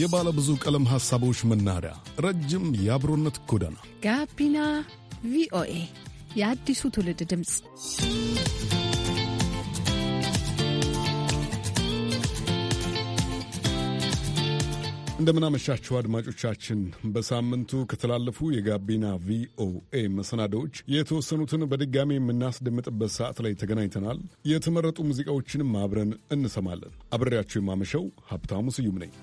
የባለ ብዙ ቀለም ሐሳቦች መናኸሪያ፣ ረጅም የአብሮነት ጎዳና ጋቢና ቪኦኤ የአዲሱ ትውልድ ድምፅ። እንደምናመሻችሁ አድማጮቻችን፣ በሳምንቱ ከተላለፉ የጋቢና ቪኦኤ መሰናዶዎች የተወሰኑትን በድጋሚ የምናስደምጥበት ሰዓት ላይ ተገናኝተናል። የተመረጡ ሙዚቃዎችንም አብረን እንሰማለን። አብሬያችሁ የማመሸው ሀብታሙ ስዩም ነኝ።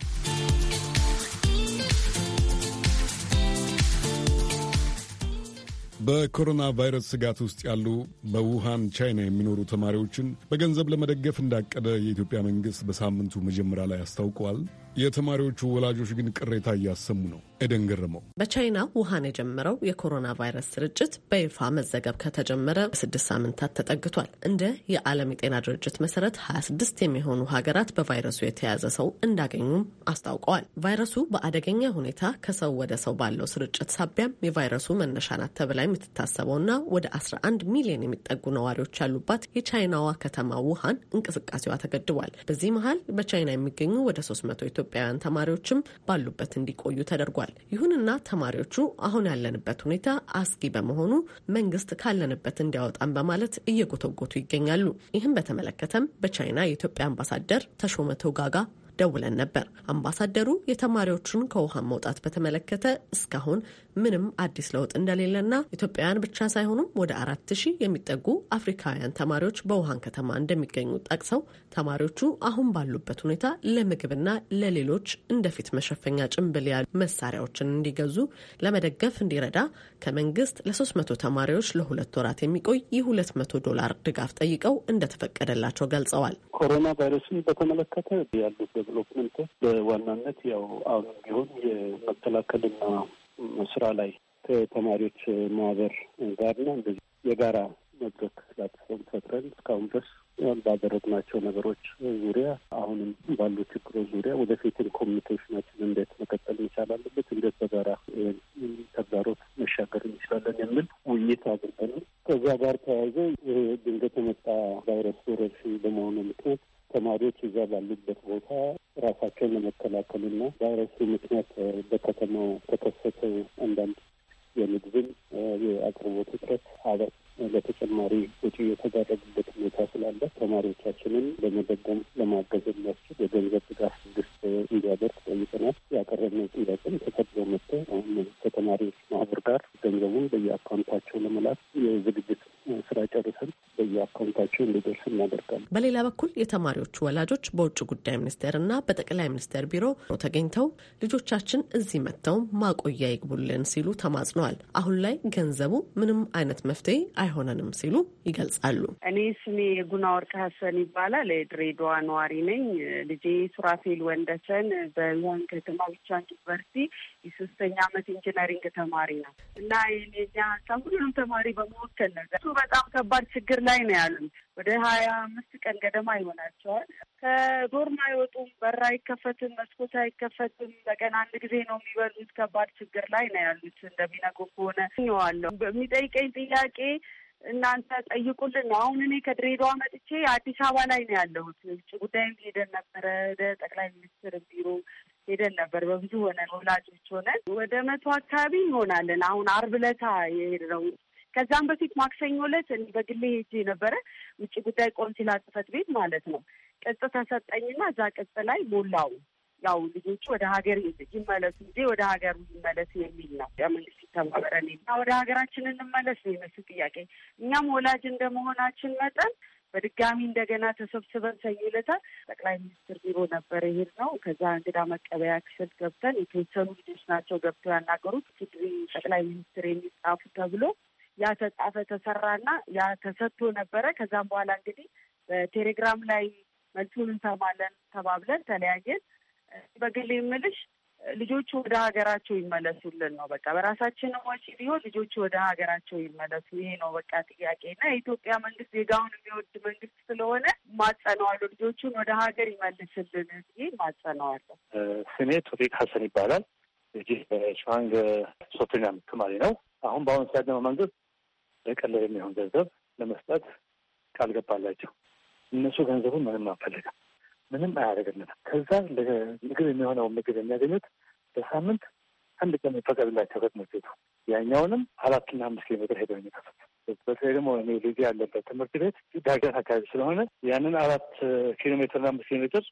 በኮሮና ቫይረስ ስጋት ውስጥ ያሉ በውሃን ቻይና የሚኖሩ ተማሪዎችን በገንዘብ ለመደገፍ እንዳቀደ የኢትዮጵያ መንግሥት በሳምንቱ መጀመሪያ ላይ አስታውቀዋል። የተማሪዎቹ ወላጆች ግን ቅሬታ እያሰሙ ነው። ኤደን ገረመው በቻይና ውሃን የጀመረው የኮሮና ቫይረስ ስርጭት በይፋ መዘገብ ከተጀመረ ስድስት ሳምንታት ተጠግቷል። እንደ የዓለም የጤና ድርጅት መሰረት 26 የሚሆኑ ሀገራት በቫይረሱ የተያዘ ሰው እንዳገኙም አስታውቀዋል። ቫይረሱ በአደገኛ ሁኔታ ከሰው ወደ ሰው ባለው ስርጭት ሳቢያም የቫይረሱ መነሻ ናት ተብላ የምትታሰበውና ወደ 11 ሚሊዮን የሚጠጉ ነዋሪዎች ያሉባት የቻይናዋ ከተማ ውሃን እንቅስቃሴዋ ተገድቧል። በዚህ መሀል በቻይና የሚገኙ ወደ 300 ኢትዮጵያውያን ተማሪዎችም ባሉበት እንዲቆዩ ተደርጓል። ይሁንና ተማሪዎቹ አሁን ያለንበት ሁኔታ አስጊ በመሆኑ መንግስት ካለንበት እንዲያወጣን በማለት እየጎተጎቱ ይገኛሉ። ይህም በተመለከተም በቻይና የኢትዮጵያ አምባሳደር ተሾመ ተውጋጋ ደውለን ነበር። አምባሳደሩ የተማሪዎቹን ከውሃ መውጣት በተመለከተ እስካሁን ምንም አዲስ ለውጥ እንደሌለና ኢትዮጵያውያን ብቻ ሳይሆኑም ወደ አራት ሺህ የሚጠጉ አፍሪካውያን ተማሪዎች በውሃን ከተማ እንደሚገኙ ጠቅሰው ተማሪዎቹ አሁን ባሉበት ሁኔታ ለምግብና ለሌሎች እንደፊት መሸፈኛ ጭንብል ያሉ መሳሪያዎችን እንዲገዙ ለመደገፍ እንዲረዳ ከመንግስት ለ300 ተማሪዎች ለሁለት ወራት የሚቆይ የ200 ዶላር ድጋፍ ጠይቀው እንደተፈቀደላቸው ገልጸዋል። ኮሮና ቫይረስን በተመለከተ ያሉ ዴቨሎፕመንቶች በዋናነት ያው አሁንም ቢሆን የመከላከልና ስራ ላይ ከተማሪዎች ማህበር ጋር ነው እንደዚህ የጋራ መድረክ ፕላትፎርም ፈጥረን እስካሁን ድረስ ባደረግናቸው ነገሮች ዙሪያ አሁንም ባሉ ችግሮች ዙሪያ ወደፊትን ኮሚኒኬሽናችን እንዴት መቀጠል መቻል አለበት፣ እንዴት በጋራ ተግዳሮት መሻገር እንችላለን የሚል ውይይት አድርገናል። ከዛ ጋር ተያይዘ ድንገት የመጣ ቫይረስ ወረርሽኝ በመሆኑ ምክንያት ተማሪዎች እዛ ባሉበት ቦታ ራሳቸውን ለመከላከልና ቫይረሱ ምክንያት በከተማው ተከሰተው አንዳንድ የምግብን የአቅርቦት እጥረት አበት ለተጨማሪ ውጪ የተደረጉበት ሁኔታ ስላለ ተማሪዎቻችንን ለመደጎም ለማገዝ የሚያስችል የገንዘብ ድጋፍ ስድስት እንዲያደርግ ጠይቀናል። ያቀረብነው ጥያቄም ተከትሎ መጥቶ አሁን ከተማሪዎች ማህበር ጋር ገንዘቡን በየአካውንታቸው ለመላክ የዝግጅት ስራ ጨርሰን አካውንታቸው እንዲደርስ እናደርጋለን። በሌላ በኩል የተማሪዎቹ ወላጆች በውጭ ጉዳይ ሚኒስቴር እና በጠቅላይ ሚኒስቴር ቢሮ ተገኝተው ልጆቻችን እዚህ መጥተው ማቆያ ይግቡልን ሲሉ ተማጽነዋል። አሁን ላይ ገንዘቡ ምንም አይነት መፍትሄ አይሆነንም ሲሉ ይገልጻሉ። እኔ ስሜ የጉና ወርቅ ሀሰን ይባላል። ድሬዳዋ ነዋሪ ነኝ። ልጄ ሱራፌል ወንደሰን በዩሃን ከተማ ብቻ ዩኒቨርሲቲ የሶስተኛ አመት ኢንጂነሪንግ ተማሪ ነው እና የኔኛ ሀሳብ ሁሉንም ተማሪ በመወከል ነገር እሱ በጣም ከባድ ችግር ላይ ነው ያሉት። ወደ ሀያ አምስት ቀን ገደማ ይሆናቸዋል። ከዶርም አይወጡም። በር አይከፈትም፣ መስኮት አይከፈትም። በቀን አንድ ጊዜ ነው የሚበሉት። ከባድ ችግር ላይ ነው ያሉት። እንደሚነጉ ከሆነ ኘዋለሁ በሚጠይቀኝ ጥያቄ እናንተ ጠይቁልን ነው። አሁን እኔ ከድሬዳዋ መጥቼ አዲስ አበባ ላይ ነው ያለሁት። ውጭ ጉዳይም ሄደን ነበረ ጠቅላይ ሚኒስትር ቢሮ ሄደን ነበር። በብዙ ሆነን ወላጆች ሆነን ወደ መቶ አካባቢ እንሆናለን። አሁን አርብ ዕለት የሄድነው ከዛም በፊት ማክሰኞ ዕለት በግሌ ሄጄ ነበረ። ውጭ ጉዳይ ቆንሲላ ጽሕፈት ቤት ማለት ነው። ቅጽ ተሰጠኝና እዛ ቅጽ ላይ ሞላው ያው ልጆቹ ወደ ሀገር ይመለሱ ጊዜ ወደ ሀገሩ ይመለስ የሚል ነው። መንግስት ይተባበረን እና ወደ ሀገራችን እንመለስ ነው የመሱ ጥያቄ። እኛም ወላጅ እንደመሆናችን መጠን በድጋሚ እንደገና ተሰብስበን ሰኞ ዕለት ጠቅላይ ሚኒስትር ቢሮ ነበር ይሄድ ነው። ከዛ እንግዳ መቀበያ ክፍል ገብተን የተወሰኑ ልጆች ናቸው ገብተው ያናገሩት ፊድሪ ጠቅላይ ሚኒስትር የሚጻፉ ተብሎ ያ ተጻፈ ተሰራና ያ ተሰጥቶ ነበረ። ከዛም በኋላ እንግዲህ በቴሌግራም ላይ መልሱን እንሰማለን ተባብለን ተለያየን። በግል የምልሽ ልጆቹ ወደ ሀገራቸው ይመለሱልን ነው። በቃ በራሳችን ወጪ ቢሆን ልጆቹ ወደ ሀገራቸው ይመለሱ፣ ይሄ ነው በቃ ጥያቄ እና የኢትዮጵያ መንግስት ዜጋውን የሚወድ መንግስት ስለሆነ ማጸነዋለሁ። ልጆቹን ወደ ሀገር ይመልስልን ይ ማጸነዋለሁ። ስሜ ቶፊቅ ሀሰን ይባላል። እዚህ በሸዋንግ ሶስተኛ ተማሪ ነው። አሁን በአሁኑ ሰዓት ደግሞ መንግስት ለቀለብ የሚሆን ገንዘብ ለመስጠት ቃል ገባላቸው። እነሱ ገንዘቡን ምንም አንፈልግም ምንም አያደርግልንም። ከዛ ምግብ የሚሆነው ምግብ የሚያገኙት በሳምንት አንድ ቀን ይፈቀድላቸው ከትምህርት ቤቱ ያኛውንም አራትና አምስት ኪሎ ሜትር ሄደው የሚከፍት በተለይ ደግሞ እኔ ልጅ ያለበት ትምህርት ቤት ዳገት አካባቢ ስለሆነ ያንን አራት ኪሎ ሜትርና አምስት ኪሎ ሜትር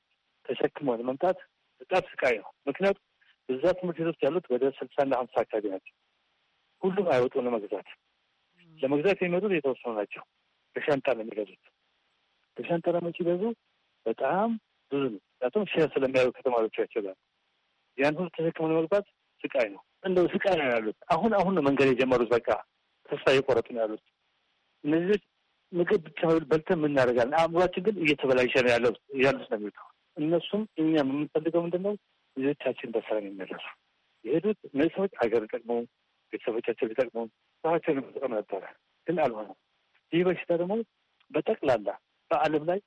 ተሸክሞ ለመምጣት በጣም ስቃይ ነው። ምክንያቱም እዛ ትምህርት ቤቶች ያሉት ወደ ስልሳና ሀምሳ አካባቢ ናቸው። ሁሉም አይወጡ ለመግዛት ለመግዛት የሚመጡት የተወሰኑ ናቸው። በሻንጣ ነው የሚገዙት። በሻንጣ ለመች ሲገዙ በጣም ብዙ ነው። ምክንያቱም ሼር ስለሚያዩ ከተማሪዎቻቸው ጋር ያን ሁሉ ተሸክመን መግባት ስቃይ ነው። እንደው ስቃይ ነው ያሉት። አሁን አሁን ነው መንገድ የጀመሩት። በቃ ተስፋ እየቆረጡ ነው ያሉት እነዚህ ምግብ ብቻ በልተን እናደርጋለን። አእምሯችን ግን እየተበላሸ ነው ያሉት ነው የሚሉት። እነሱም እኛ የምንፈልገው ምንድን ነው? ልጆቻችን በሰላም የሚመለሱ የሄዱት እነዚህ ሰዎች ሀገር ጠቅሞ ቤተሰቦቻቸው ሊጠቅሙ ሰቸውን ጠቅም ነበረ፣ ግን አልሆነም። ይህ በሽታ ደግሞ በጠቅላላ በዓለም ላይ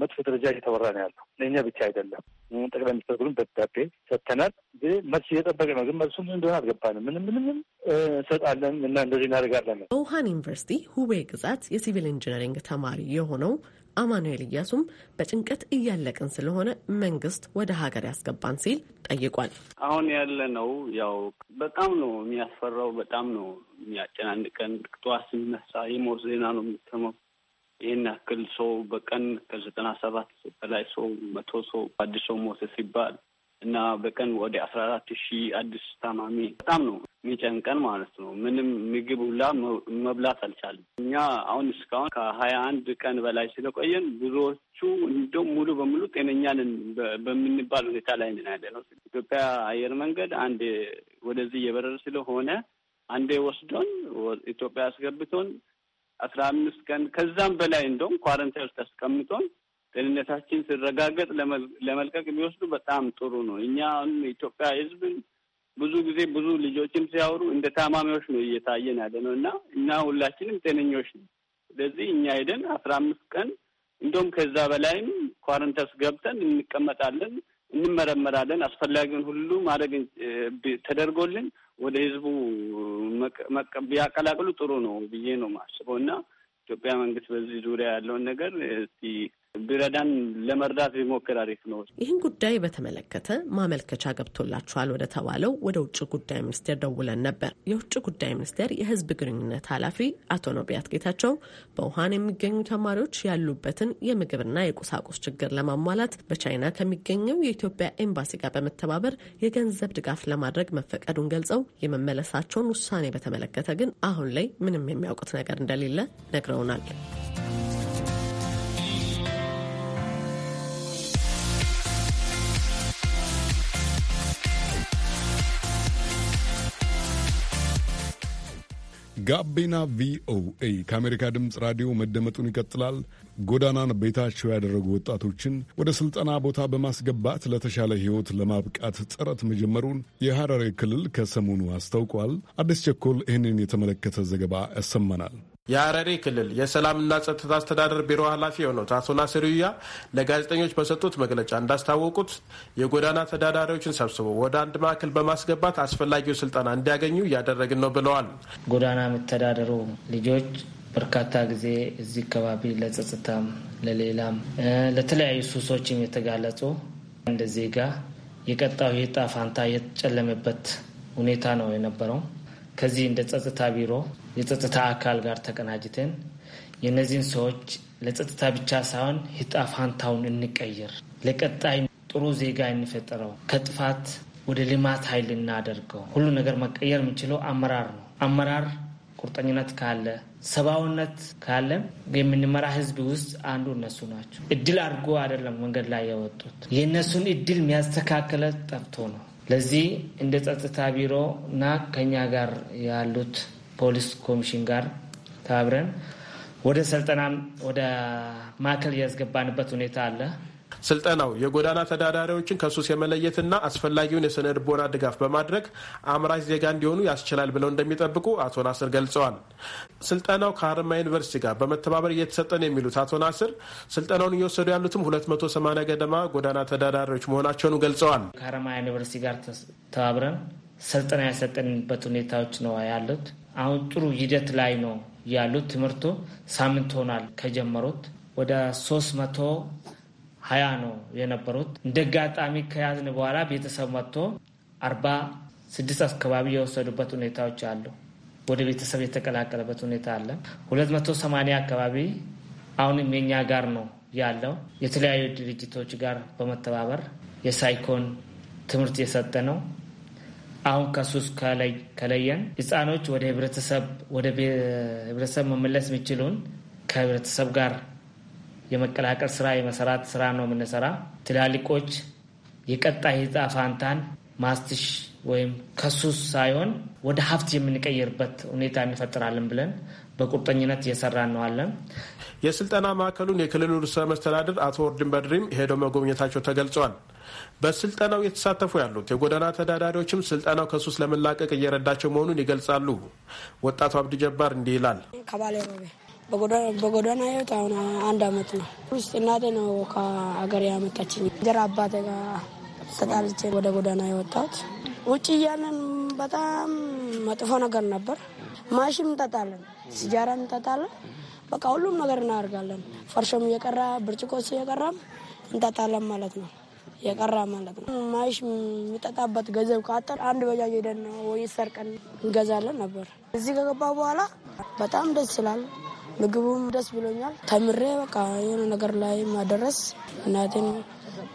መጥፎ ደረጃ እየተወራ ነው ያለው። ለእኛ ብቻ አይደለም። ጠቅላይ ሚኒስትር ጉሉም ደብዳቤ ሰጥተናል። ግን መልስ እየጠበቀ ነው። ግን መልሱ ምን እንደሆነ አልገባንም። ምንም ምንም እንሰጣለን እና እንደዚህ እናደርጋለን። በውሃን ዩኒቨርሲቲ ሁቤ ግዛት የሲቪል ኢንጂነሪንግ ተማሪ የሆነው አማኑኤል እያሱም በጭንቀት እያለቅን ስለሆነ መንግስት ወደ ሀገር ያስገባን ሲል ጠይቋል። አሁን ያለ ነው ያው በጣም ነው የሚያስፈራው፣ በጣም ነው የሚያጨናንቀን። ጠዋት ስንነሳ የሞት ዜና ነው የሚሰማው ይህን ያክል ሰው በቀን ከዘጠና ሰባት በላይ ሰው መቶ ሰው አዲስ ሰው ሞተ ሲባል እና በቀን ወደ አስራ አራት ሺህ አዲስ ታማሚ በጣም ነው የሚጨንቀን ማለት ነው። ምንም ምግብ ሁላ መብላት አልቻለም። እኛ አሁን እስካሁን ከሀያ አንድ ቀን በላይ ስለቆየን ብዙዎቹ እንደም ሙሉ በሙሉ ጤነኛንን በምንባል ሁኔታ ላይ ነን ያለ ነው። ኢትዮጵያ አየር መንገድ አንድ ወደዚህ እየበረረ ስለሆነ አንዴ ወስዶን ኢትዮጵያ አስገብቶን አስራ አምስት ቀን ከዛም በላይ እንደውም ኳረንታይን ተስቀምጦን ደህንነታችን ሲረጋገጥ ለመልቀቅ ቢወስዱ በጣም ጥሩ ነው። እኛ አሁን የኢትዮጵያ ሕዝብን ብዙ ጊዜ ብዙ ልጆችም ሲያወሩ እንደ ታማሚዎች ነው እየታየን ያለ ነው እና እና ሁላችንም ጤነኞች ነው። ስለዚህ እኛ ሄደን አስራ አምስት ቀን እንደውም ከዛ በላይም ኳረንተስ ገብተን እንቀመጣለን። እንመረመራለን። አስፈላጊውን ሁሉ ማድረግ ተደርጎልን ወደ ህዝቡ ቢያቀላቅሉ ጥሩ ነው ብዬ ነው ማስበው እና ኢትዮጵያ መንግስት በዚህ ዙሪያ ያለውን ነገር እስቲ ቢረዳን ለመርዳት ቢሞክር አሪፍ ነው። ይህን ጉዳይ በተመለከተ ማመልከቻ ገብቶላችኋል ወደ ተባለው ወደ ውጭ ጉዳይ ሚኒስቴር ደውለን ነበር። የውጭ ጉዳይ ሚኒስቴር የህዝብ ግንኙነት ኃላፊ አቶ ነቢያት ጌታቸው በውሃን የሚገኙ ተማሪዎች ያሉበትን የምግብና የቁሳቁስ ችግር ለማሟላት በቻይና ከሚገኘው የኢትዮጵያ ኤምባሲ ጋር በመተባበር የገንዘብ ድጋፍ ለማድረግ መፈቀዱን ገልጸው የመመለሳቸውን ውሳኔ በተመለከተ ግን አሁን ላይ ምንም የሚያውቁት ነገር እንደሌለ ነግረውናል። ጋቢና ቪኦኤ ከአሜሪካ ድምፅ ራዲዮ መደመጡን ይቀጥላል። ጎዳናን ቤታቸው ያደረጉ ወጣቶችን ወደ ስልጠና ቦታ በማስገባት ለተሻለ ሕይወት ለማብቃት ጥረት መጀመሩን የሐረሪ ክልል ከሰሞኑ አስታውቋል። አዲስ ቸኮል ይህንን የተመለከተ ዘገባ ያሰማናል። የሀረሪ ክልል የሰላምና ጸጥታ አስተዳደር ቢሮ ኃላፊ የሆኑት አቶ ናስር ዩያ ለጋዜጠኞች በሰጡት መግለጫ እንዳስታወቁት የጎዳና ተዳዳሪዎችን ሰብስቦ ወደ አንድ ማዕከል በማስገባት አስፈላጊው ስልጠና እንዲያገኙ እያደረግን ነው ብለዋል። ጎዳና የሚተዳደሩ ልጆች በርካታ ጊዜ እዚህ አካባቢ ለጸጥታም፣ ለሌላም ለተለያዩ ሱሶችም የተጋለጹ እንደ ዜጋ የቀጣው የጣፋንታ የተጨለመበት ሁኔታ ነው የነበረው። ከዚህ እንደ ጸጥታ ቢሮ የጸጥታ አካል ጋር ተቀናጅተን የእነዚህን ሰዎች ለጸጥታ ብቻ ሳይሆን ዕጣ ፈንታውን እንቀይር፣ ለቀጣይ ጥሩ ዜጋ እንፈጥረው፣ ከጥፋት ወደ ልማት ኃይል እናደርገው። ሁሉ ነገር መቀየር የምንችለው አመራር ነው። አመራር ቁርጠኝነት ካለ ሰብአውነት ካለ የምንመራ ህዝብ ውስጥ አንዱ እነሱ ናቸው። እድል አድርጎ አይደለም መንገድ ላይ የወጡት የእነሱን እድል የሚያስተካከለ ጠፍቶ ነው። ለዚህ እንደ ጸጥታ ቢሮ እና ከኛ ጋር ያሉት ፖሊስ ኮሚሽን ጋር ተባብረን ወደ ስልጠና ወደ ማዕከል ያስገባንበት ሁኔታ አለ። ስልጠናው የጎዳና ተዳዳሪዎችን ከሱስ የመለየትና አስፈላጊውን የስነ ልቦና ድጋፍ በማድረግ አምራች ዜጋ እንዲሆኑ ያስችላል ብለው እንደሚጠብቁ አቶ ናስር ገልጸዋል። ስልጠናው ከሀረማያ ዩኒቨርሲቲ ጋር በመተባበር እየተሰጠን የሚሉት አቶ ናስር ስልጠናውን እየወሰዱ ያሉትም 280 ገደማ ጎዳና ተዳዳሪዎች መሆናቸውን ገልጸዋል። ከሀረማያ ዩኒቨርሲቲ ጋር ተባብረን ስልጠና ያሰጠንበት ሁኔታዎች ነው ያሉት። አሁን ጥሩ ሂደት ላይ ነው ያሉት። ትምህርቱ ሳምንት ሆኗል ከጀመሩት ወደ ሶስት መቶ ሀያ ነው የነበሩት። እንደ አጋጣሚ ከያዝን በኋላ ቤተሰብ መጥቶ አርባ ስድስት አካባቢ የወሰዱበት ሁኔታዎች አሉ። ወደ ቤተሰብ የተቀላቀለበት ሁኔታ አለ። ሁለት መቶ ሰማንያ አካባቢ አሁንም የኛ ጋር ነው ያለው። የተለያዩ ድርጅቶች ጋር በመተባበር የሳይኮን ትምህርት የሰጠ ነው። አሁን ከሱስ ከለየን ህፃኖች ወደ ህብረተሰብ ወደ ህብረተሰብ መመለስ የሚችሉን ከህብረተሰብ ጋር የመቀላቀል ስራ የመሰራት ስራ ነው የምንሰራ። ትላልቆች የቀጣይ ዕጣ ፋንታን ማስትሽ ወይም ከሱስ ሳይሆን ወደ ሀብት የምንቀይርበት ሁኔታ እንፈጥራለን ብለን በቁርጠኝነት እየሰራ እነዋለን። የስልጠና ማዕከሉን የክልሉ ርዕሰ መስተዳድር አቶ ወርድን በድሪም ሄደው መጎብኘታቸው ተገልጿል። በስልጠናው የተሳተፉ ያሉት የጎዳና ተዳዳሪዎችም ስልጠናው ከሱስ ለመላቀቅ እየረዳቸው መሆኑን ይገልጻሉ። ወጣቱ አብድ ጀባር እንዲህ ይላል። በጎዳና ህይወት አሁን አንድ አመት ነው ውስጥ እናቴ ነው ከሀገር ያመጣችኝ። እንጀራ አባቴ ጋር ተጣልቼ ወደ ጎዳና የወጣሁት ውጭ እያለን በጣም መጥፎ ነገር ነበር። ማሽም እንጠጣለን፣ ሲጃራ እንጠጣለን። በቃ ሁሉም ነገር እናደርጋለን። ፈርሾም እየቀራ ብርጭቆስ እየቀራም እንጠጣለን ማለት ነው የቀራ ማለት ነው። ማይሽ የሚጠጣበት ገንዘብ ከአጠር አንድ በጃጅ ሄደን ወይ ሰርቀን እንገዛለን ነበር። እዚህ ከገባ በኋላ በጣም ደስ ይላል። ምግቡም ደስ ብሎኛል። ተምሬ በቃ የሆነ ነገር ላይ ማደረስ እናቴን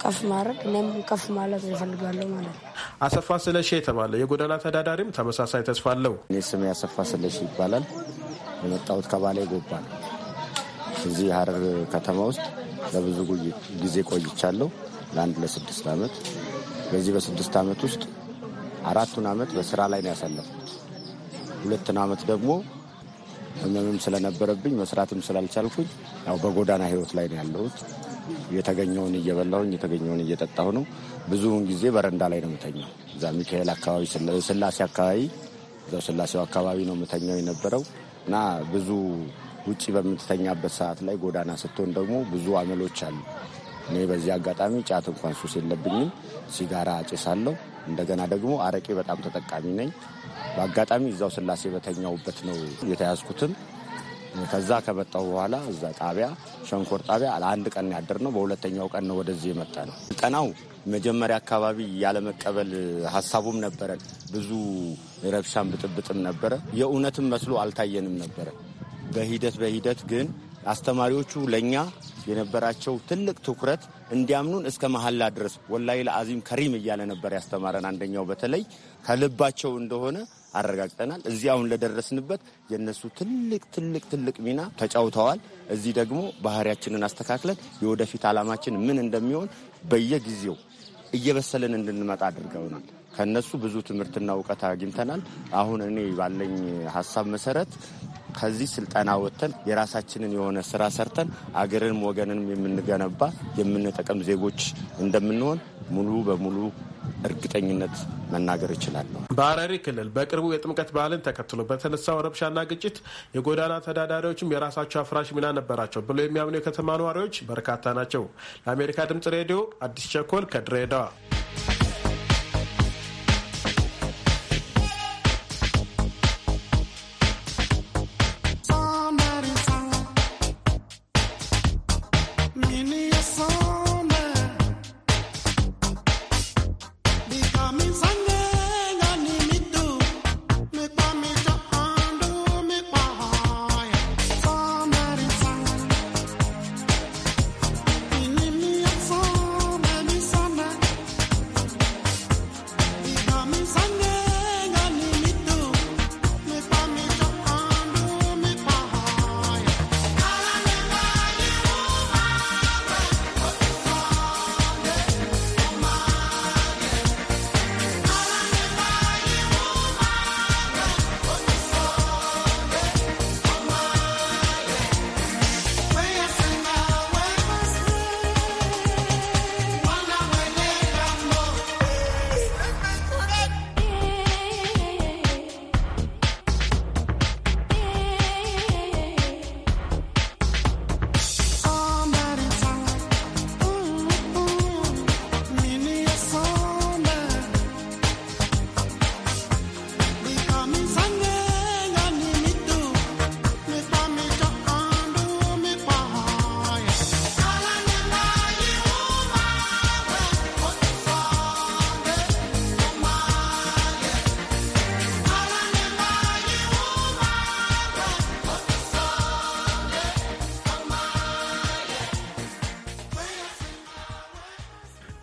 ከፍ ማድረግ እኔም ከፍ ማለት ይፈልጋለሁ ማለት ነው። አሰፋ ስለሺ የተባለ የጎዳና ተዳዳሪም ተመሳሳይ ተስፋ አለው። እኔ ስሜ አሰፋ ስለሺ ይባላል። የመጣሁት ከባሌ ጎባ ነው። እዚህ ሀረር ከተማ ውስጥ ለብዙ ጊዜ ቆይቻለሁ። ለአንድ ለስድስት ዓመት በዚህ በስድስት ዓመት ውስጥ አራቱን ዓመት በስራ ላይ ነው ያሳለፉት። ሁለቱን ዓመት ደግሞ ህመምም ስለነበረብኝ መስራትም ስላልቻልኩኝ ያው በጎዳና ህይወት ላይ ነው ያለሁት። የተገኘውን እየበላሁኝ የተገኘውን እየጠጣሁ ነው። ብዙውን ጊዜ በረንዳ ላይ ነው የምተኛው። እዛ ሚካኤል አካባቢ ስላሴ አካባቢ እዛው ስላሴው አካባቢ ነው የምተኛው የነበረው እና ብዙ ውጭ በምትተኛበት ሰዓት ላይ ጎዳና ስትሆን ደግሞ ብዙ አመሎች አሉ። እኔ በዚህ አጋጣሚ ጫት እንኳን ሱስ የለብኝም፣ ሲጋራ አጭሳለሁ። እንደገና ደግሞ አረቄ በጣም ተጠቃሚ ነኝ። በአጋጣሚ እዛው ስላሴ በተኛውበት ነው የተያዝኩትም። ከዛ ከመጣሁ በኋላ እዛ ጣቢያ ሸንኮር ጣቢያ ለአንድ ቀን ያድር ነው። በሁለተኛው ቀን ነው ወደዚህ የመጣ ነው። ቀናው መጀመሪያ አካባቢ ያለመቀበል ሀሳቡም ነበረን። ብዙ ረብሻን ብጥብጥም ነበረ። የእውነትም መስሎ አልታየንም ነበረ። በሂደት በሂደት ግን አስተማሪዎቹ ለእኛ የነበራቸው ትልቅ ትኩረት እንዲያምኑን እስከ መሀላ ድረስ ወላይ ለአዚም ከሪም እያለ ነበር ያስተማረን። አንደኛው በተለይ ከልባቸው እንደሆነ አረጋግጠናል። እዚህ አሁን ለደረስንበት የእነሱ ትልቅ ትልቅ ትልቅ ሚና ተጫውተዋል። እዚህ ደግሞ ባህሪያችንን አስተካክለን የወደፊት ዓላማችን ምን እንደሚሆን በየጊዜው እየበሰልን እንድንመጣ አድርገውናል። ከእነሱ ብዙ ትምህርትና እውቀት አግኝተናል። አሁን እኔ ባለኝ ሀሳብ መሰረት ከዚህ ስልጠና ወጥተን የራሳችንን የሆነ ስራ ሰርተን አገርንም ወገንንም የምንገነባ የምንጠቀም ዜጎች እንደምንሆን ሙሉ በሙሉ እርግጠኝነት መናገር ይችላል። በሐረሪ ክልል በቅርቡ የጥምቀት ባህልን ተከትሎ በተነሳው ረብሻና ግጭት የጎዳና ተዳዳሪዎችም የራሳቸው አፍራሽ ሚና ነበራቸው ብሎ የሚያምኑ የከተማ ነዋሪዎች በርካታ ናቸው። ለአሜሪካ ድምጽ ሬዲዮ አዲስ ቸኮል ከድሬዳዋ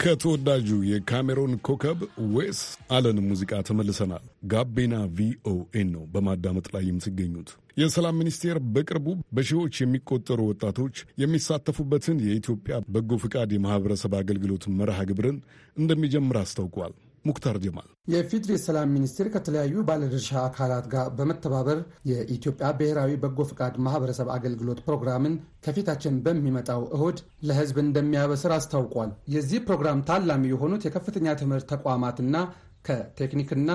ከተወዳጁ የካሜሮን ኮከብ ዌስ አለን ሙዚቃ ተመልሰናል። ጋቢና ቪኦኤን ነው በማዳመጥ ላይ የምትገኙት። የሰላም ሚኒስቴር በቅርቡ በሺዎች የሚቆጠሩ ወጣቶች የሚሳተፉበትን የኢትዮጵያ በጎ ፈቃድ የማህበረሰብ አገልግሎት መርሃ ግብርን እንደሚጀምር አስታውቋል። ሙክታር ጀማል የፊድሪ ሰላም ሚኒስቴር ከተለያዩ ባለድርሻ አካላት ጋር በመተባበር የኢትዮጵያ ብሔራዊ በጎ ፈቃድ ማህበረሰብ አገልግሎት ፕሮግራምን ከፊታችን በሚመጣው እሁድ ለህዝብ እንደሚያበስር አስታውቋል። የዚህ ፕሮግራም ታላሚ የሆኑት የከፍተኛ ትምህርት ተቋማትና ከቴክኒክና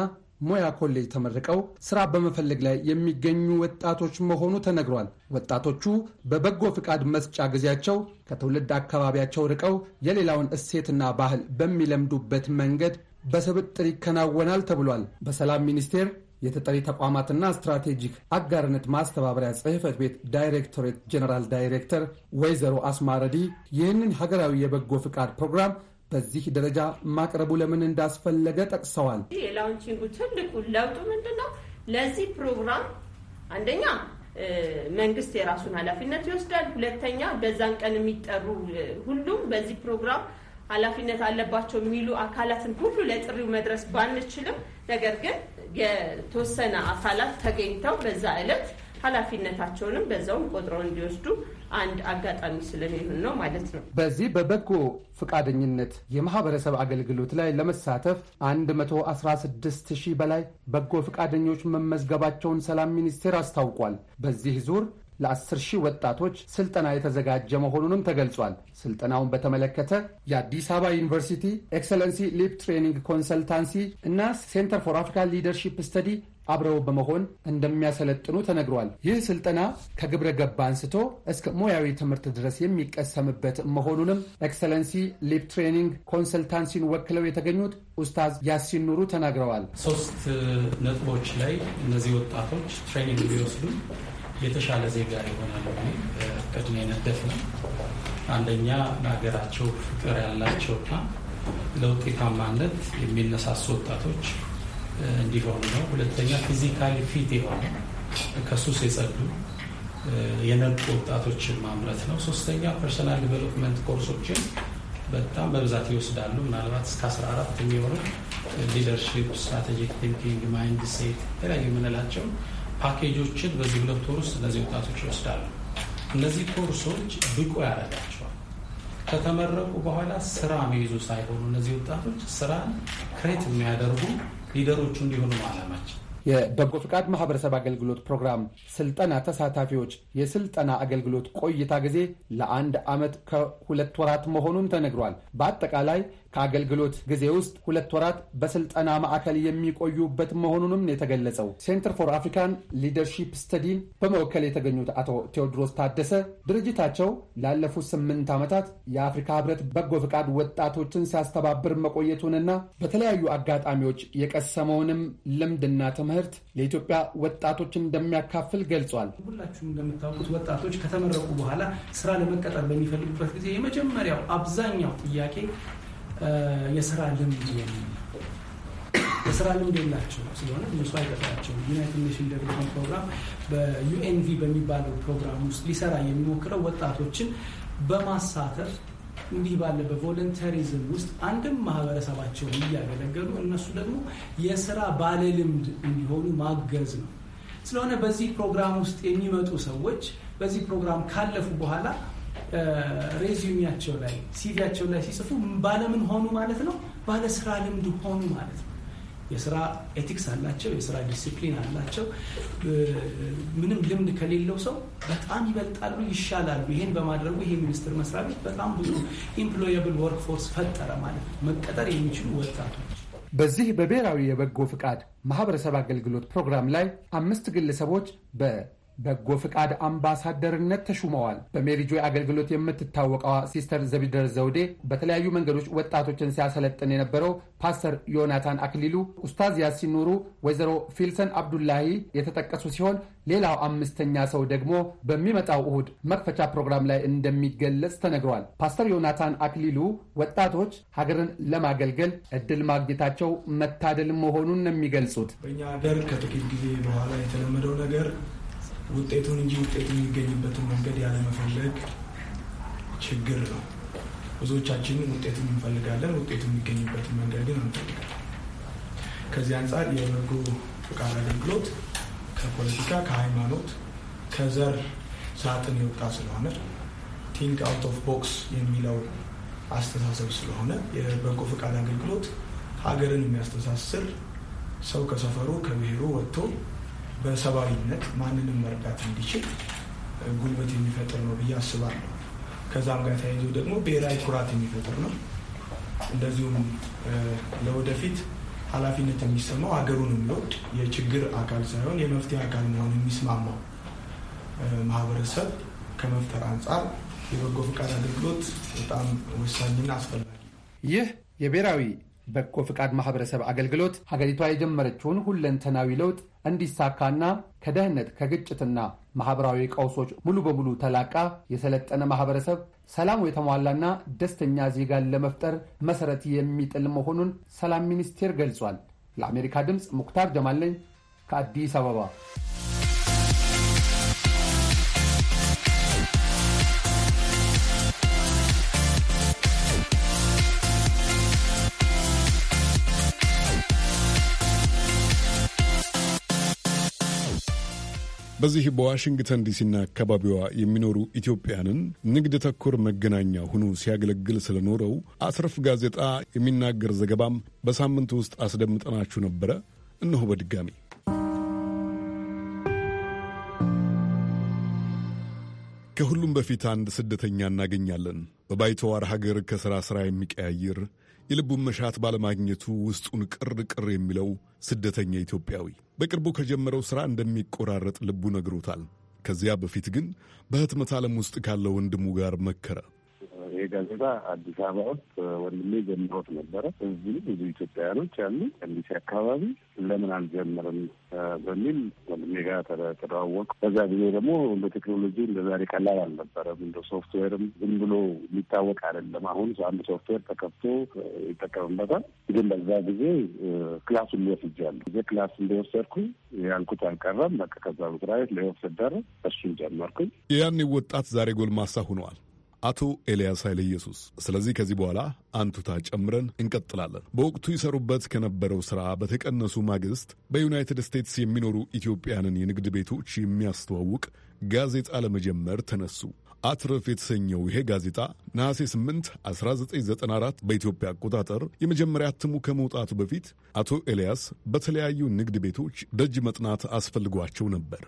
ሙያ ኮሌጅ ተመርቀው ስራ በመፈለግ ላይ የሚገኙ ወጣቶች መሆኑ ተነግሯል። ወጣቶቹ በበጎ ፍቃድ መስጫ ጊዜያቸው ከትውልድ አካባቢያቸው ርቀው የሌላውን እሴትና ባህል በሚለምዱበት መንገድ በስብጥር ይከናወናል ተብሏል። በሰላም ሚኒስቴር የተጠሪ ተቋማትና ስትራቴጂክ አጋርነት ማስተባበሪያ ጽሕፈት ቤት ዳይሬክቶሬት ጀነራል ዳይሬክተር ወይዘሮ አስማረዲ ይህንን ሀገራዊ የበጎ ፍቃድ ፕሮግራም በዚህ ደረጃ ማቅረቡ ለምን እንዳስፈለገ ጠቅሰዋል። የላውንቺንጉ ትልቁ ለውጡ ምንድን ነው? ለዚህ ፕሮግራም አንደኛ መንግስት የራሱን ኃላፊነት ይወስዳል። ሁለተኛ በዛን ቀን የሚጠሩ ሁሉም በዚህ ፕሮግራም ኃላፊነት አለባቸው የሚሉ አካላትን ሁሉ ለጥሪው መድረስ ባንችልም፣ ነገር ግን የተወሰነ አካላት ተገኝተው በዛ ዕለት ኃላፊነታቸውንም በዛውም ቆጥረው እንዲወስዱ አንድ አጋጣሚ ስለሚሆን ነው ማለት ነው። በዚህ በበጎ ፈቃደኝነት የማህበረሰብ አገልግሎት ላይ ለመሳተፍ 116 ሺህ በላይ በጎ ፈቃደኞች መመዝገባቸውን ሰላም ሚኒስቴር አስታውቋል። በዚህ ዙር ለ10 ሺህ ወጣቶች ስልጠና የተዘጋጀ መሆኑንም ተገልጿል። ስልጠናውን በተመለከተ የአዲስ አበባ ዩኒቨርሲቲ ኤክሰለንሲ ሊፕ ትሬኒንግ ኮንሰልታንሲ እና ሴንተር ፎር አፍሪካ ሊደርሺፕ ስተዲ አብረው በመሆን እንደሚያሰለጥኑ ተነግሯል። ይህ ስልጠና ከግብረ ገብ አንስቶ እስከ ሙያዊ ትምህርት ድረስ የሚቀሰምበት መሆኑንም ኤክሰለንሲ ሊፕ ትሬኒንግ ኮንሰልታንሲን ወክለው የተገኙት ኡስታዝ ያሲን ኑሩ ተናግረዋል። ሶስት ነጥቦች ላይ እነዚህ ወጣቶች ትሬኒንግ ቢወስዱም የተሻለ ዜጋ ይሆናሉ ቅድሜ ነደፍ ነው። አንደኛ ለሀገራቸው ፍቅር ያላቸውና ለውጤታማነት የሚነሳሱ ወጣቶች እንዲሆኑ ነው። ሁለተኛ ፊዚካሊ ፊት የሆነ ከሱስ የጸዱ የነቁ ወጣቶችን ማምረት ነው። ሶስተኛ ፐርሰናል ዲቨሎፕመንት ኮርሶችን በጣም በብዛት ይወስዳሉ። ምናልባት እስከ 14 የሚሆኑ ሊደርሽፕ፣ ስትራቴጂክ ቲንኪንግ፣ ማይንድ ሴት የተለያዩ የምንላቸው ፓኬጆችን በዚህ ሁለት ወር ውስጥ እነዚህ ወጣቶች ይወስዳሉ። እነዚህ ኮርሶች ብቁ ያደርጋቸዋል። ከተመረቁ በኋላ ስራ መይዙ ሳይሆኑ እነዚህ ወጣቶች ስራን ክሬት የሚያደርጉ ሊደሮቹ እንዲሆኑ አላማቸው። የበጎ ፍቃድ ማህበረሰብ አገልግሎት ፕሮግራም ስልጠና ተሳታፊዎች የስልጠና አገልግሎት ቆይታ ጊዜ ለአንድ ዓመት ከሁለት ወራት መሆኑን ተነግሯል። በአጠቃላይ ከአገልግሎት ጊዜ ውስጥ ሁለት ወራት በስልጠና ማዕከል የሚቆዩበት መሆኑንም የተገለጸው ሴንተር ፎር አፍሪካን ሊደርሺፕ ስተዲን በመወከል የተገኙት አቶ ቴዎድሮስ ታደሰ ድርጅታቸው ላለፉት ስምንት ዓመታት የአፍሪካ ህብረት በጎ ፈቃድ ወጣቶችን ሲያስተባብር መቆየቱንና በተለያዩ አጋጣሚዎች የቀሰመውንም ልምድና ትምህርት ለኢትዮጵያ ወጣቶች እንደሚያካፍል ገልጿል። ሁላችሁም እንደምታውቁት ወጣቶች ከተመረቁ በኋላ ስራ ለመቀጠር በሚፈልጉበት ጊዜ የመጀመሪያው አብዛኛው ጥያቄ የስራ ልምድ የስራ ልምድ የላቸው ስለሆነ እነሱ አይቀጥራቸውም። ዩናይትድ ኔሽን ዴቨሎፕመንት ፕሮግራም በዩኤንቪ በሚባለው ፕሮግራም ውስጥ ሊሰራ የሚሞክረው ወጣቶችን በማሳተፍ እንዲህ ባለ በቮለንተሪዝም ውስጥ አንድም ማህበረሰባቸውን እያገለገሉ እነሱ ደግሞ የስራ ባለልምድ እንዲሆኑ ማገዝ ነው። ስለሆነ በዚህ ፕሮግራም ውስጥ የሚመጡ ሰዎች በዚህ ፕሮግራም ካለፉ በኋላ ሬዚሜያቸው ላይ ሲቪያቸው ላይ ሲጽፉ ባለምን ሆኑ ማለት ነው፣ ባለ ስራ ልምድ ሆኑ ማለት ነው። የስራ ኤቲክስ አላቸው፣ የስራ ዲስፕሊን አላቸው። ምንም ልምድ ከሌለው ሰው በጣም ይበልጣሉ፣ ይሻላሉ። ይህን በማድረጉ ይሄ ሚኒስቴር መስሪያ ቤት በጣም ብዙ ኢምፕሎየብል ወርክ ፎርስ ፈጠረ ማለት ነው፣ መቀጠር የሚችሉ ወጣቶች። በዚህ በብሔራዊ የበጎ ፍቃድ ማህበረሰብ አገልግሎት ፕሮግራም ላይ አምስት ግለሰቦች በ በጎ ፍቃድ አምባሳደርነት ተሹመዋል። በሜሪጆ አገልግሎት የምትታወቀዋ ሲስተር ዘቢደር ዘውዴ በተለያዩ መንገዶች ወጣቶችን ሲያሰለጥን የነበረው ፓስተር ዮናታን አክሊሉ፣ ኡስታዝ ያሲን ኑሩ፣ ወይዘሮ ፊልሰን አብዱላሂ የተጠቀሱ ሲሆን ሌላው አምስተኛ ሰው ደግሞ በሚመጣው እሁድ መክፈቻ ፕሮግራም ላይ እንደሚገለጽ ተነግሯል። ፓስተር ዮናታን አክሊሉ ወጣቶች ሀገርን ለማገልገል እድል ማግኘታቸው መታደል መሆኑን ነው የሚገልጹት። በእኛ ሀገር ከጥቂት ጊዜ በኋላ የተለመደው ነገር ውጤቱን እንጂ ውጤት የሚገኝበትን መንገድ ያለመፈለግ ችግር ነው። ብዙዎቻችን ውጤቱን እንፈልጋለን፣ ውጤቱ የሚገኝበትን መንገድ ግን እንፈልጋለን። ከዚህ አንጻር የበጎ ፈቃድ አገልግሎት ከፖለቲካ፣ ከሃይማኖት፣ ከዘር ሳጥን የወጣ ስለሆነ ቲንክ አውት ኦፍ ቦክስ የሚለው አስተሳሰብ ስለሆነ የበጎ ፈቃድ አገልግሎት ሀገርን የሚያስተሳስር ሰው ከሰፈሩ ከብሔሩ ወጥቶ በሰብአዊነት ማንንም መርዳት እንዲችል ጉልበት የሚፈጥር ነው ብዬ አስባለሁ። ከዛም ጋር ተያይዞ ደግሞ ብሔራዊ ኩራት የሚፈጥር ነው። እንደዚሁም ለወደፊት ኃላፊነት የሚሰማው ሀገሩን የሚወድ የችግር አካል ሳይሆን የመፍትሄ አካል መሆን የሚስማማው ማህበረሰብ ከመፍጠር አንጻር የበጎ ፈቃድ አገልግሎት በጣም ወሳኝና አስፈላጊ ነው። ይህ የብሔራዊ በጎ ፈቃድ ማህበረሰብ አገልግሎት ሀገሪቷ የጀመረችውን ሁለንተናዊ ለውጥ እንዲሳካና ከደህንነት፣ ከግጭትና ማህበራዊ ቀውሶች ሙሉ በሙሉ ተላቃ የሰለጠነ ማህበረሰብ ሰላሙ የተሟላና ደስተኛ ዜጋን ለመፍጠር መሰረት የሚጥል መሆኑን ሰላም ሚኒስቴር ገልጿል። ለአሜሪካ ድምፅ ሙክታር ጀማል ነኝ ከአዲስ አበባ። በዚህ በዋሽንግተን ዲሲና አካባቢዋ የሚኖሩ ኢትዮጵያንን ንግድ ተኮር መገናኛ ሆኖ ሲያገለግል ስለኖረው አስረፍ ጋዜጣ የሚናገር ዘገባም በሳምንቱ ውስጥ አስደምጠናችሁ ነበረ። እነሆ በድጋሚ ከሁሉም በፊት አንድ ስደተኛ እናገኛለን። በባይተዋር ሀገር ከሥራ ሥራ የሚቀያይር የልቡን መሻት ባለማግኘቱ ውስጡን ቅር ቅር የሚለው ስደተኛ ኢትዮጵያዊ በቅርቡ ከጀመረው ሥራ እንደሚቆራረጥ ልቡ ነግሮታል። ከዚያ በፊት ግን በህትመት ዓለም ውስጥ ካለው ወንድሙ ጋር መከረ። ይሄ ጋዜጣ አዲስ አበባ ውስጥ ወንድሜ ጀምሮት ነበረ። እዚህ ብዙ ኢትዮጵያውያኖች ያሉ ከንዲሲ አካባቢ ለምን አልጀምርም በሚል ወንድሜ ጋር ተደዋወቁ። በዛ ጊዜ ደግሞ በቴክኖሎጂ እንደ ቀላል አልነበረም። እንደ ሶፍትዌርም ዝም ብሎ የሚታወቅ አይደለም። አሁን አንድ ሶፍትዌር ተከፍቶ ይጠቀምበታል። ግን በዛ ጊዜ ክላሱን ሊወስጃሉ ጊዜ ክላስ እንደወሰድኩ ያልኩት አልቀረም። በቃ ከዛ መስሪያ ቤት ለወሰደረ እሱን ጀመርኩኝ። ያኔ ወጣት ዛሬ ጎልማሳ ሁነዋል። አቶ ኤልያስ ኃይለ ኢየሱስ። ስለዚህ ከዚህ በኋላ አንቱታ ጨምረን እንቀጥላለን። በወቅቱ ይሰሩበት ከነበረው ሥራ በተቀነሱ ማግስት በዩናይትድ ስቴትስ የሚኖሩ ኢትዮጵያንን የንግድ ቤቶች የሚያስተዋውቅ ጋዜጣ ለመጀመር ተነሱ። አትረፍ የተሰኘው ይሄ ጋዜጣ ነሐሴ 8 1994 በኢትዮጵያ አቆጣጠር የመጀመሪያ እትሙ ከመውጣቱ በፊት አቶ ኤልያስ በተለያዩ ንግድ ቤቶች ደጅ መጥናት አስፈልጓቸው ነበር።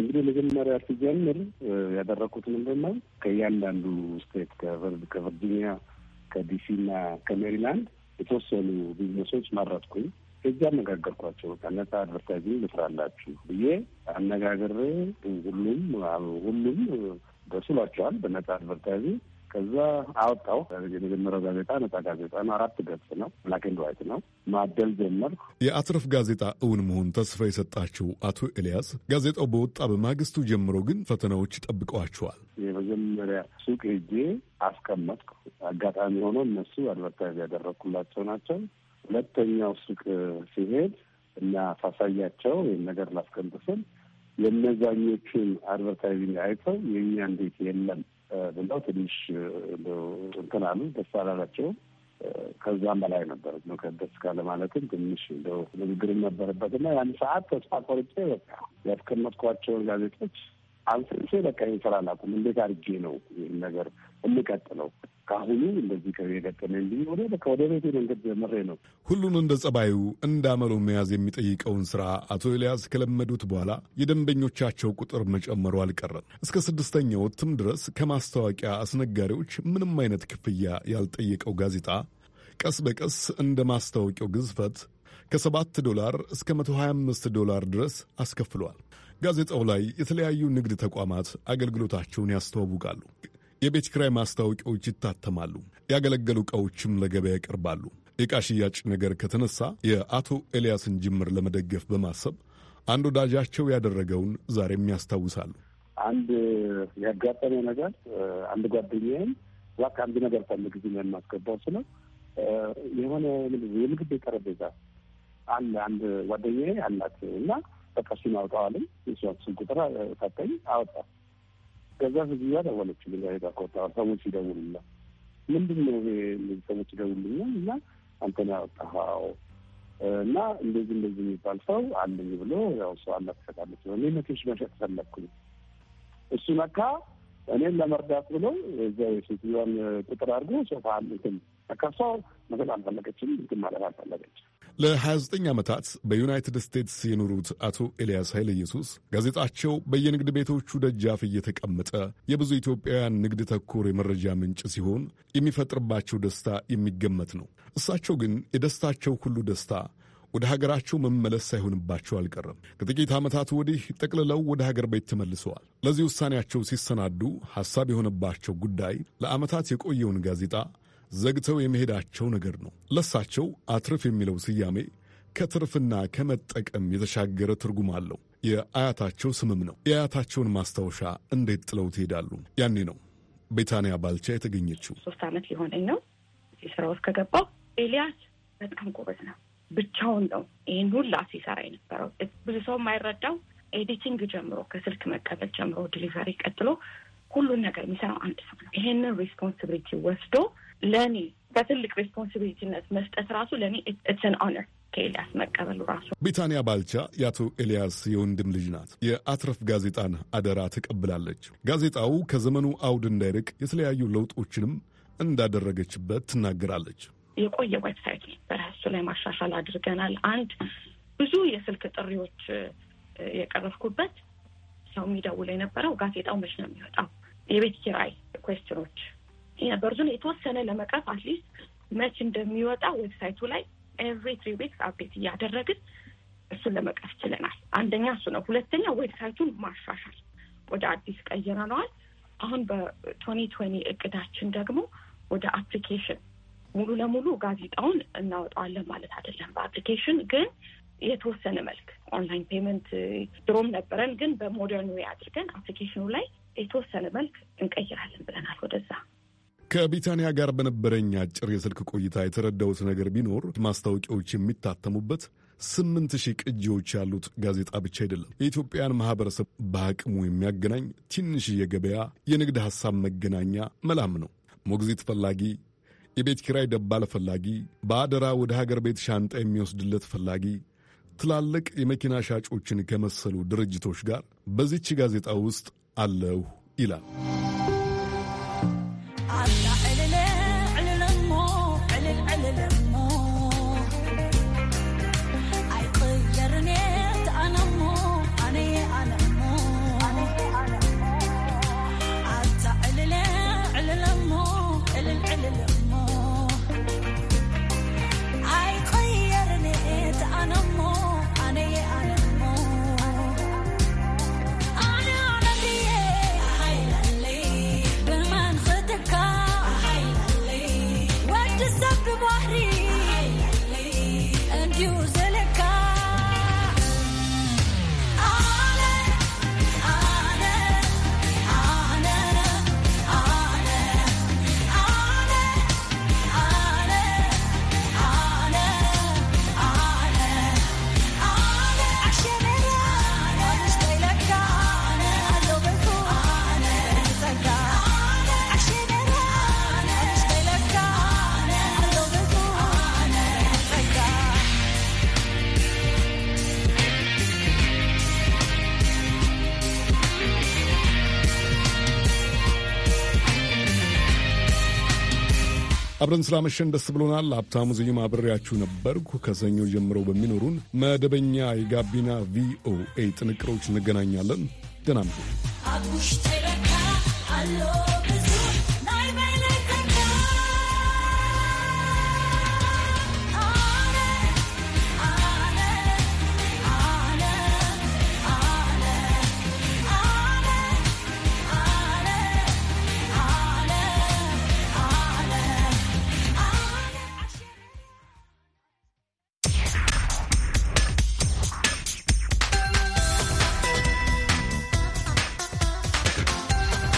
እንግዲህ መጀመሪያ ሲጀምር ያደረግኩት ምንድን ነው ከእያንዳንዱ ስቴት ከቨርጂኒያ፣ ከዲሲ እና ከሜሪላንድ የተወሰኑ ቢዝነሶች መረጥኩኝ። እዚህ አነጋገርኳቸው። ከነጻ አድቨርታይዚንግ ልስራላችሁ ብዬ አነጋገር ሁሉም ሁሉም ደስ ብሏቸዋል። አድቨርታይዚንግ ከዛ አወጣው የመጀመሪያው ጋዜጣ ነጻ ጋዜጣ ነው። አራት ገጽ ነው። ብላክ ኤንድ ዋይት ነው። ማደል ጀመርኩ። የአትረፍ ጋዜጣ እውን መሆን ተስፋ የሰጣቸው አቶ ኤልያስ ጋዜጣው በወጣ በማግስቱ ጀምሮ ግን ፈተናዎች ጠብቀዋቸዋል። የመጀመሪያ ሱቅ ሄጄ አስቀመጥኩ። አጋጣሚ ሆኖ እነሱ አድቨርታይዝ ያደረግኩላቸው ናቸው። ሁለተኛው ሱቅ ሲሄድ እና ሳሳያቸው ይህን ነገር ላስቀምጥ ስል የእነዛኞቹን አድቨርታይዚንግ አይተው የእኛ እንዴት የለም ብለው ትንሽ እንትን አሉ። ደስ አላላቸውም። ከዛም በላይ ነበር ደስ ካለ ማለትም ትንሽ እንደው ንግግርም ነበረበት እና ያን ሰዓት ተስፋ ቆርጬ በቃ ያስቀመጥኳቸውን ጋዜጦች አንስሴ በቃ ይህን እንዴት አድርጌ ነው ይህን ነገር የምቀጥለው ከአሁኑ እንደዚህ ከቀጠለ እንዲሆነ ወደ ቤቴ መንገድ ጀምሬ ነው። ሁሉን እንደ ጸባዩ እንደ አመሎ መያዝ የሚጠይቀውን ስራ አቶ ኤልያስ ከለመዱት በኋላ የደንበኞቻቸው ቁጥር መጨመሩ አልቀረም። እስከ ስድስተኛው እትም ድረስ ከማስታወቂያ አስነጋሪዎች ምንም አይነት ክፍያ ያልጠየቀው ጋዜጣ ቀስ በቀስ እንደ ማስታወቂያው ግዝፈት 7 ዶላር እስከ 125 ዶላር ድረስ አስከፍሏል። ጋዜጣው ላይ የተለያዩ ንግድ ተቋማት አገልግሎታቸውን ያስተዋውቃሉ። የቤት ክራይ ማስታወቂያዎች ይታተማሉ። ያገለገሉ ዕቃዎችም ለገበያ ይቀርባሉ። የዕቃ ሽያጭ ነገር ከተነሳ የአቶ ኤልያስን ጅምር ለመደገፍ በማሰብ አንድ ወዳጃቸው ያደረገውን ዛሬም ያስታውሳሉ። አንድ ያጋጠመ ነገር አንድ ጓደኛዬን እባክህ አንድ ነገር ፈልግ እዚህ ነው የማስገባው ስለው የሆነ የምግብ ጠረጴዛ አለ አንድ ጓደኛዬ አላት እና በቃ እሱን አውጣዋለኝ። የእሷን ስልክ ቁጥር ሰጠኝ፣ አወጣ ከዛ ህዝብያ ደወለችልኝ ሄዳ ከወጣ ሰዎች ይደውሉና ምንድን ነው ይሄ እነዚህ ሰዎች ይደውሉና እና አንተን ያወጣኸው እና እንደዚህ እንደዚህ የሚባል ሰው አለኝ ብሎ ያው ሰው አላ ትሰጣለች ነው እኔ መቶች መሸጥ ፈለግኩኝ እሱ መካ እኔን ለመርዳት ብሎ እዚያ የሴትዮዋን ቁጥር አድርጎ ሶፋ እንትን ነካ ሰው አልፈለገችም እንትን ማለት አልፈለገችም ለ29 ዓመታት በዩናይትድ ስቴትስ የኖሩት አቶ ኤልያስ ኃይለ ኢየሱስ ጋዜጣቸው በየንግድ ቤቶቹ ደጃፍ እየተቀመጠ የብዙ ኢትዮጵያውያን ንግድ ተኮር የመረጃ ምንጭ ሲሆን የሚፈጥርባቸው ደስታ የሚገመት ነው። እሳቸው ግን የደስታቸው ሁሉ ደስታ ወደ ሀገራቸው መመለስ ሳይሆንባቸው አልቀረም። ከጥቂት ዓመታት ወዲህ ጠቅልለው ወደ ሀገር ቤት ተመልሰዋል። ለዚህ ውሳኔያቸው ሲሰናዱ ሐሳብ የሆነባቸው ጉዳይ ለዓመታት የቆየውን ጋዜጣ ዘግተው የመሄዳቸው ነገር ነው። ለሳቸው አትርፍ የሚለው ስያሜ ከትርፍና ከመጠቀም የተሻገረ ትርጉም አለው። የአያታቸው ስምም ነው። የአያታቸውን ማስታወሻ እንዴት ጥለው ትሄዳሉ? ያኔ ነው ቤታንያ ባልቻ የተገኘችው። ሶስት ዓመት ሊሆነኝ ነው ስራ ውስጥ ከገባው። ኤልያስ በጣም ጎበዝ ነው። ብቻውን ነው ይህን ሁላ ሲሰራ የነበረው። ብዙ ሰው የማይረዳው ኤዲቲንግ ጀምሮ ከስልክ መቀበል ጀምሮ ዲሊቨሪ ቀጥሎ ሁሉን ነገር የሚሰራው አንድ ሰው ነው። ይሄንን ሪስፖንሲቢሊቲ ወስዶ ለእኔ በትልቅ ሬስፖንሲቢሊቲነት መስጠት ራሱ ለእኔ ኢትስ ኦነር ከኤልያስ መቀበሉ ራሱ። ቢታንያ ባልቻ የአቶ ኤልያስ የወንድም ልጅ ናት። የአትረፍ ጋዜጣን አደራ ተቀብላለች። ጋዜጣው ከዘመኑ አውድ እንዳይርቅ የተለያዩ ለውጦችንም እንዳደረገችበት ትናገራለች። የቆየ ዌብሳይት ነበረ፣ እሱ ላይ ማሻሻል አድርገናል። አንድ ብዙ የስልክ ጥሪዎች የቀረፍኩበት ሰው የሚደውለው የነበረው ጋዜጣው መች ነው የሚወጣው፣ የቤት ኪራይ ኩዌስትኖች በርዙን የተወሰነ ለመቅረፍ አትሊስት መች እንደሚወጣ ዌብሳይቱ ላይ ኤቭሪ ትሪ ዊክስ አፕዴት እያደረግን እሱን ለመቅረፍ ችለናል። አንደኛ እሱ ነው። ሁለተኛ ዌብሳይቱን ማሻሻል ወደ አዲስ ቀይረነዋል። አሁን በቶኒ ቶኒ እቅዳችን ደግሞ ወደ አፕሊኬሽን ሙሉ ለሙሉ ጋዜጣውን እናወጣዋለን ማለት አይደለም። በአፕሊኬሽን ግን የተወሰነ መልክ ኦንላይን ፔመንት ድሮም ነበረን፣ ግን በሞደርን ዌይ አድርገን አፕሊኬሽኑ ላይ የተወሰነ መልክ እንቀይራለን ብለናል ወደዛ ከቢታንያ ጋር በነበረኝ አጭር የስልክ ቆይታ የተረዳሁት ነገር ቢኖር ማስታወቂያዎች የሚታተሙበት ስምንት ሺህ ቅጂዎች ያሉት ጋዜጣ ብቻ አይደለም። የኢትዮጵያን ማህበረሰብ በአቅሙ የሚያገናኝ ትንሽ የገበያ የንግድ ሐሳብ መገናኛ መላም ነው። ሞግዚት ፈላጊ፣ የቤት ኪራይ ደባል ፈላጊ፣ በአደራ ወደ ሀገር ቤት ሻንጣ የሚወስድለት ፈላጊ ትላልቅ የመኪና ሻጮችን ከመሰሉ ድርጅቶች ጋር በዚች ጋዜጣ ውስጥ አለሁ ይላል። hasta አብረን ስላመሸን ደስ ብሎናል። ሀብታሙ ዝዩም አብሬያችሁ ነበርኩ። ከሰኞ ጀምሮ በሚኖሩን መደበኛ የጋቢና ቪኦኤ ጥንቅሮች እንገናኛለን። አለው